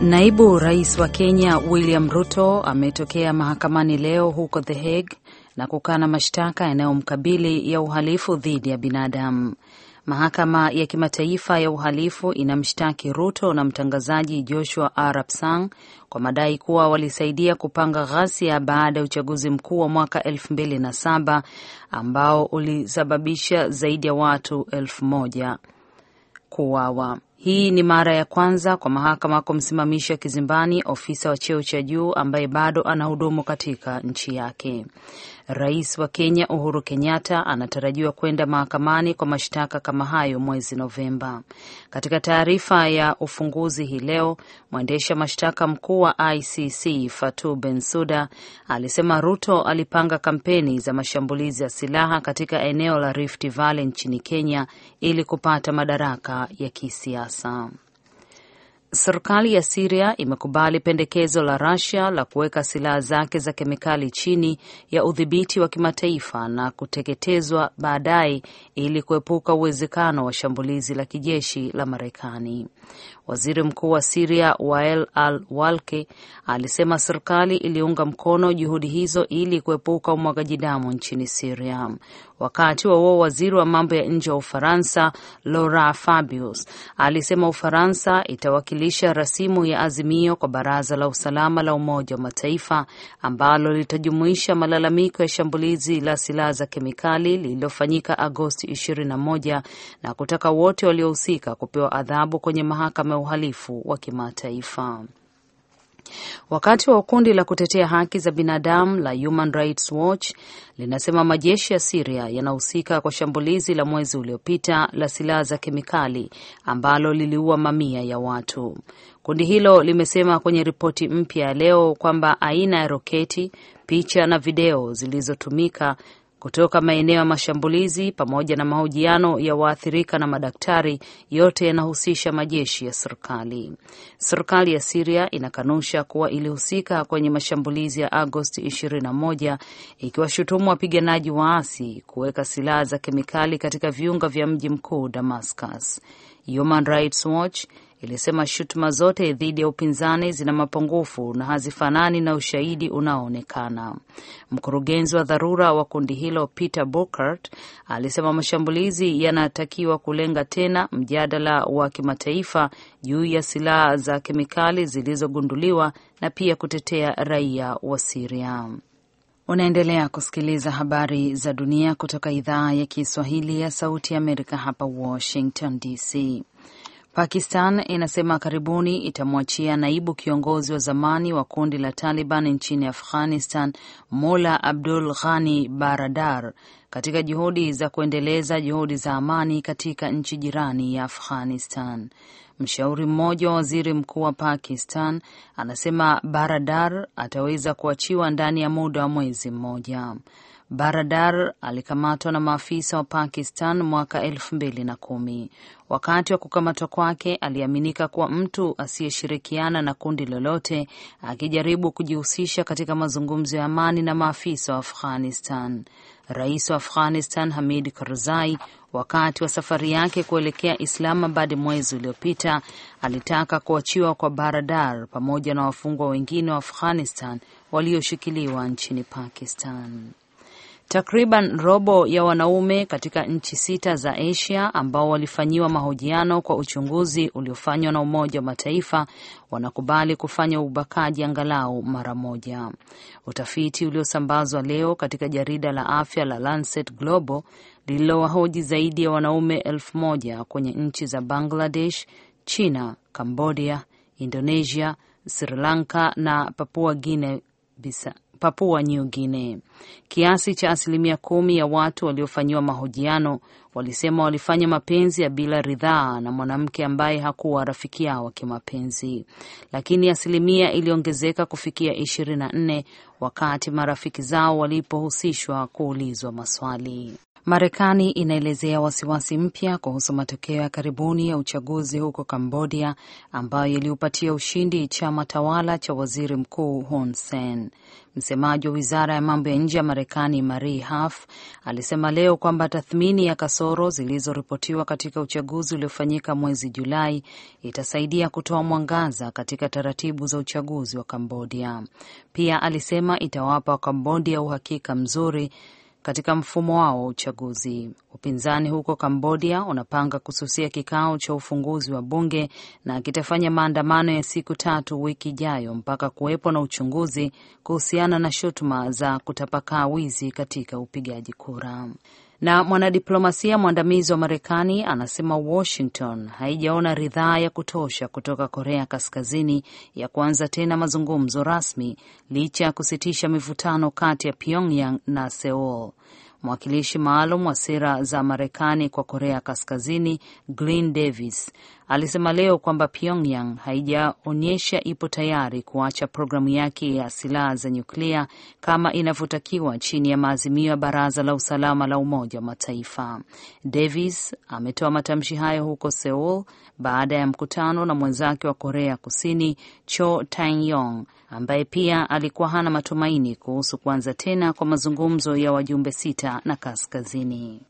Naibu Rais wa Kenya William Ruto ametokea mahakamani leo huko The Hague na kukana mashtaka yanayomkabili ya uhalifu dhidi ya binadamu. Mahakama ya Kimataifa ya Uhalifu inamshtaki Ruto na mtangazaji Joshua Arap Sang kwa madai kuwa walisaidia kupanga ghasia baada ya uchaguzi mkuu wa mwaka 27 ambao ulisababisha zaidi ya watu elfu moja kuuawa. Hii ni mara ya kwanza kwa mahakama kumsimamisha kizimbani ofisa wa cheo cha juu ambaye bado anahudumu katika nchi yake. Rais wa Kenya Uhuru Kenyatta anatarajiwa kwenda mahakamani kwa mashtaka kama hayo mwezi Novemba. Katika taarifa ya ufunguzi hii leo, mwendesha mashtaka mkuu wa ICC Fatu Bensuda alisema Ruto alipanga kampeni za mashambulizi ya silaha katika eneo la Rift Valley nchini Kenya ili kupata madaraka ya kisiasa. Mombasa. Serikali ya Siria imekubali pendekezo la Russia la kuweka silaha zake za kemikali chini ya udhibiti wa kimataifa na kuteketezwa baadaye ili kuepuka uwezekano wa shambulizi la kijeshi la Marekani. Waziri Mkuu wa Siria Wael Al Walke alisema serikali iliunga mkono juhudi hizo ili kuepuka umwagaji damu nchini Siria. Wakati wa waziri wa mambo ya nje wa Ufaransa Laura Fabius alisema Ufaransa itawakilisha rasimu ya azimio kwa Baraza la Usalama la Umoja wa Mataifa ambalo litajumuisha malalamiko ya shambulizi la silaha za kemikali lililofanyika Agosti 21 na kutaka wote waliohusika kupewa adhabu kwenye mahakama uhalifu wa kimataifa. Wakati wa kundi la kutetea haki za binadamu la Human Rights Watch linasema majeshi ya Siria yanahusika kwa shambulizi la mwezi uliopita la silaha za kemikali ambalo liliua mamia ya watu. Kundi hilo limesema kwenye ripoti mpya ya leo kwamba aina ya roketi, picha na video zilizotumika kutoka maeneo ya mashambulizi pamoja na mahojiano ya waathirika na madaktari, yote yanahusisha majeshi ya serikali. Serikali ya Siria inakanusha kuwa ilihusika kwenye mashambulizi ya Agosti 21 ikiwashutumu wapiganaji waasi kuweka silaha za kemikali katika viunga vya mji mkuu Damascus. Human Rights Watch ilisema shutuma zote dhidi ya upinzani zina mapungufu na hazifanani na ushahidi unaoonekana. Mkurugenzi wa dharura wa kundi hilo Peter Burkhardt alisema mashambulizi yanatakiwa kulenga tena mjadala wa kimataifa juu ya silaha za kemikali zilizogunduliwa na pia kutetea raia wa Siria. Unaendelea kusikiliza habari za dunia kutoka idhaa ya Kiswahili ya Sauti ya Amerika hapa Washington DC. Pakistan inasema karibuni itamwachia naibu kiongozi wa zamani wa kundi la Taliban nchini Afghanistan, mula Abdul Ghani Baradar, katika juhudi za kuendeleza juhudi za amani katika nchi jirani ya Afghanistan. Mshauri mmoja wa waziri mkuu wa Pakistan anasema Baradar ataweza kuachiwa ndani ya muda wa mwezi mmoja. Baradar alikamatwa na maafisa wa Pakistan mwaka elfu mbili na kumi. Wakati wa kukamatwa kwake aliaminika kuwa mtu asiyeshirikiana na kundi lolote, akijaribu kujihusisha katika mazungumzo ya amani na maafisa wa Afghanistan. Rais wa Afghanistan Hamid Karzai, wakati wa safari yake kuelekea Islamabad mwezi uliopita, alitaka kuachiwa kwa Baradar pamoja na wafungwa wengine wa Afghanistan walioshikiliwa nchini Pakistan. Takriban robo ya wanaume katika nchi sita za Asia ambao walifanyiwa mahojiano kwa uchunguzi uliofanywa na Umoja wa Mataifa wanakubali kufanya ubakaji angalau mara moja. Utafiti uliosambazwa leo katika jarida la afya la Lancet Global lililowahoji zaidi ya wanaume elfu moja kwenye nchi za Bangladesh, China, Cambodia, Indonesia, Sri Lanka na Papua Guinea Bisa. Papua New Guinea. Kiasi cha asilimia kumi ya watu waliofanyiwa mahojiano walisema walifanya mapenzi ya bila ridhaa na mwanamke ambaye hakuwa rafiki yao wa kimapenzi, lakini asilimia iliongezeka kufikia ishirini na nne wakati marafiki zao walipohusishwa kuulizwa maswali. Marekani inaelezea wasiwasi mpya kuhusu matokeo ya karibuni ya uchaguzi huko Kambodia ambayo iliupatia ushindi chama tawala cha waziri mkuu Hun Sen. Msemaji wa wizara ya mambo ya nje ya Marekani Marie Harf alisema leo kwamba tathmini ya kasoro zilizoripotiwa katika uchaguzi uliofanyika mwezi Julai itasaidia kutoa mwangaza katika taratibu za uchaguzi wa Kambodia. Pia alisema itawapa Wakambodia uhakika mzuri katika mfumo wao wa uchaguzi. Upinzani huko Kambodia unapanga kususia kikao cha ufunguzi wa bunge na kitafanya maandamano ya siku tatu wiki ijayo mpaka kuwepo na uchunguzi kuhusiana na shutuma za kutapakaa wizi katika upigaji kura na mwanadiplomasia mwandamizi wa Marekani anasema Washington haijaona ridhaa ya kutosha kutoka Korea Kaskazini ya kuanza tena mazungumzo rasmi licha ya kusitisha mivutano kati ya Pyongyang na Seoul. Mwakilishi maalum wa sera za Marekani kwa Korea Kaskazini Glyn Davis alisema leo kwamba Pyongyang haijaonyesha ipo tayari kuacha programu yake ya silaha za nyuklia kama inavyotakiwa chini ya maazimio ya Baraza la Usalama la Umoja wa Mataifa. Davis ametoa matamshi hayo huko Seoul baada ya mkutano na mwenzake wa Korea Kusini Cho Tae-yong ambaye pia alikuwa hana matumaini kuhusu kuanza tena kwa mazungumzo ya wajumbe sita na kaskazini